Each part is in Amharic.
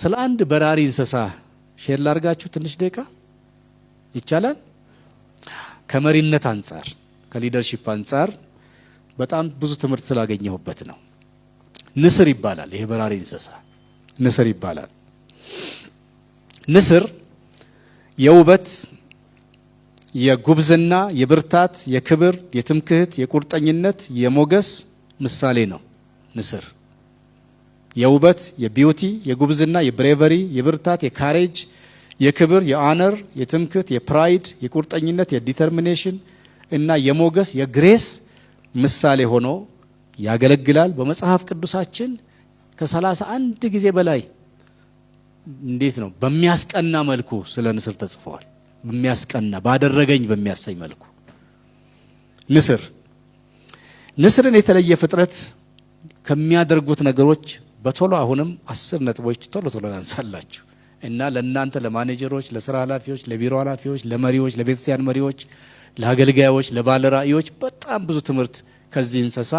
ስለ አንድ በራሪ እንስሳ ሼር ላርጋችሁ ትንሽ ደቂቃ ይቻላል። ከመሪነት አንጻር ከሊደርሺፕ አንጻር በጣም ብዙ ትምህርት ስላገኘሁበት ነው። ንስር ይባላል። ይሄ በራሪ እንስሳ ንስር ይባላል። ንስር የውበት፣ የጉብዝና፣ የብርታት፣ የክብር፣ የትምክህት፣ የቁርጠኝነት፣ የሞገስ ምሳሌ ነው ንስር የውበት፣ የቢዩቲ፣ የጉብዝና፣ የብሬቨሪ፣ የብርታት፣ የካሬጅ፣ የክብር፣ የአነር፣ የትምክት፣ የፕራይድ፣ የቁርጠኝነት፣ የዲተርሚኔሽን እና የሞገስ የግሬስ ምሳሌ ሆኖ ያገለግላል። በመጽሐፍ ቅዱሳችን ከሰላሳ አንድ ጊዜ በላይ እንዴት ነው በሚያስቀና መልኩ ስለ ንስር ተጽፈዋል። በሚያስቀና ባደረገኝ በሚያሰኝ መልኩ ንስር ንስርን የተለየ ፍጥረት ከሚያደርጉት ነገሮች በቶሎ አሁንም አስር ነጥቦች ቶሎ ቶሎ ላንሳላችሁ እና ለእናንተ ለማኔጀሮች፣ ለስራ ኃላፊዎች፣ ለቢሮ ኃላፊዎች፣ ለመሪዎች፣ ለቤተክርስቲያን መሪዎች፣ ለአገልጋዮች፣ ለባለራእዮች በጣም ብዙ ትምህርት ከዚህ እንስሳ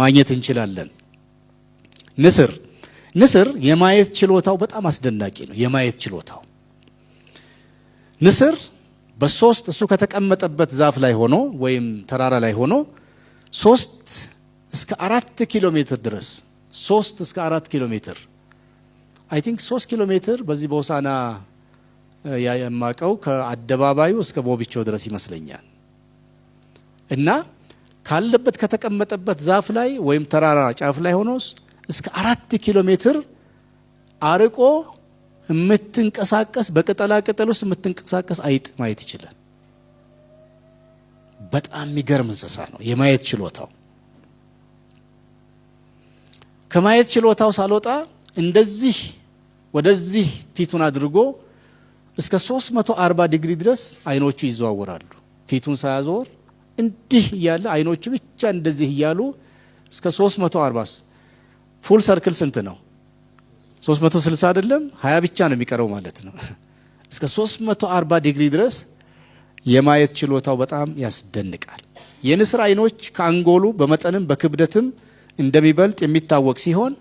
ማግኘት እንችላለን። ንስር ንስር የማየት ችሎታው በጣም አስደናቂ ነው። የማየት ችሎታው ንስር በሶስት እሱ ከተቀመጠበት ዛፍ ላይ ሆኖ ወይም ተራራ ላይ ሆኖ ሶስት እስከ አራት ኪሎ ሜትር ድረስ ሶስት እስከ አራት ኪሎ ሜትር አይ ቲንክ ሶስት ኪሎ ሜትር በዚህ በሆሳና የማቀው ከአደባባዩ እስከ ቦቢቾ ድረስ ይመስለኛል እና ካለበት ከተቀመጠበት ዛፍ ላይ ወይም ተራራ ጫፍ ላይ ሆኖ እስከ አራት ኪሎ ሜትር አርቆ የምትንቀሳቀስ በቅጠላ ቅጠል ውስጥ የምትንቀሳቀስ አይጥ ማየት ይችላል። በጣም የሚገርም እንስሳ ነው የማየት ችሎታው። ከማየት ችሎታው ሳልወጣ እንደዚህ ወደዚህ ፊቱን አድርጎ እስከ 340 ዲግሪ ድረስ አይኖቹ ይዘዋወራሉ። ፊቱን ሳያዞር እንዲህ እያለ አይኖቹ ብቻ እንደዚህ እያሉ እስከ 340 ፉል ሰርክል ስንት ነው? 360 አይደለም፣ 20 ብቻ ነው የሚቀረው ማለት ነው። እስከ 340 ዲግሪ ድረስ የማየት ችሎታው በጣም ያስደንቃል። የንስር አይኖች ከአንጎሉ በመጠንም በክብደትም እንደሚበልጥ የሚታወቅ ሲሆን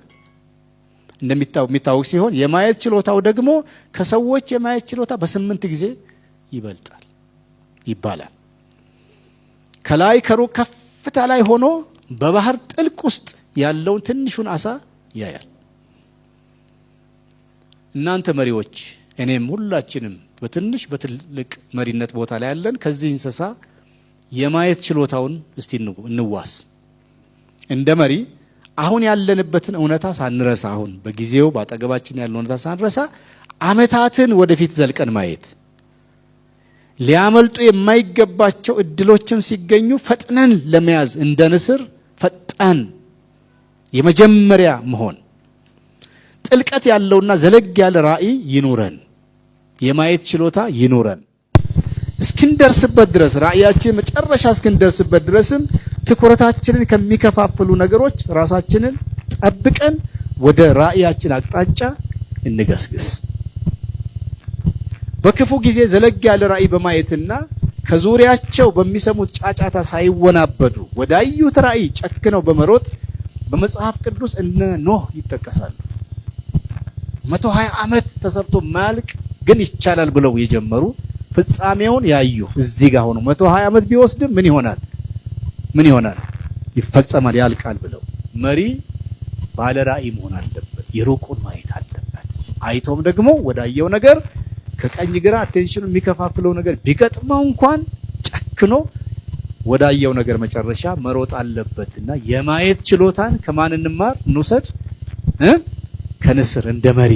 እንደሚታወቅ ሲሆን የማየት ችሎታው ደግሞ ከሰዎች የማየት ችሎታ በስምንት ጊዜ ይበልጣል ይባላል። ከላይ ከሩቅ ከፍታ ላይ ሆኖ በባህር ጥልቅ ውስጥ ያለውን ትንሹን አሳ ያያል። እናንተ መሪዎች፣ እኔም ሁላችንም በትንሽ በትልቅ መሪነት ቦታ ላይ ያለን ከዚህ እንስሳ የማየት ችሎታውን እስቲ እንዋስ። እንደ መሪ አሁን ያለንበትን እውነታ ሳንረሳ አሁን በጊዜው በአጠገባችን ያለ እውነታ ሳንረሳ አመታትን ወደፊት ዘልቀን ማየት ሊያመልጡ የማይገባቸው እድሎችም ሲገኙ ፈጥነን ለመያዝ እንደ ንስር ፈጣን የመጀመሪያ መሆን ጥልቀት ያለውና ዘለግ ያለ ራዕይ ይኑረን፣ የማየት ችሎታ ይኑረን። እስክንደርስበት ድረስ ራዕያችን መጨረሻ እስክንደርስበት ድረስም ትኩረታችንን ከሚከፋፍሉ ነገሮች ራሳችንን ጠብቀን ወደ ራእያችን አቅጣጫ እንገስግስ። በክፉ ጊዜ ዘለግ ያለ ራእይ በማየትና ከዙሪያቸው በሚሰሙት ጫጫታ ሳይወናበዱ ወዳዩት ራእይ ጨክነው በመሮጥ በመጽሐፍ ቅዱስ እነ ኖህ ይጠቀሳሉ። መቶ ሀያ ዓመት ተሰርቶ ማያልቅ ግን ይቻላል ብለው የጀመሩ ፍጻሜውን ያዩ እዚህ ጋር ሆኖ መቶ ሀያ ዓመት ቢወስድም ምን ይሆናል? ምን ይሆናል? ይፈጸማል፣ ያልቃል ብለው መሪ ባለ ራእይ መሆን አለበት። የሩቁን ማየት አለበት። አይቶም ደግሞ ወዳየው ነገር ከቀኝ ግራ አቴንሽኑ የሚከፋፍለው ነገር ቢገጥመው እንኳን ጨክኖ ወዳየው ነገር መጨረሻ መሮጥ አለበት የማየት ችሎታን ከማን እንማር እንውሰድ? ከንስር እንደ መሪ